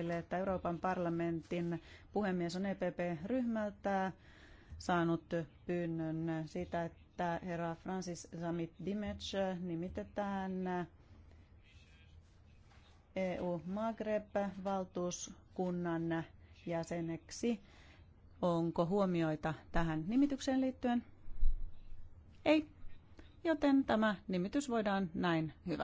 teille, että Euroopan parlamentin puhemies on EPP-ryhmältä saanut pyynnön siitä, että herra Francis Zamit Dimec nimitetään eu magreb valtuuskunnan jäseneksi. Onko huomioita tähän nimitykseen liittyen? Ei, joten tämä nimitys voidaan näin hyvä.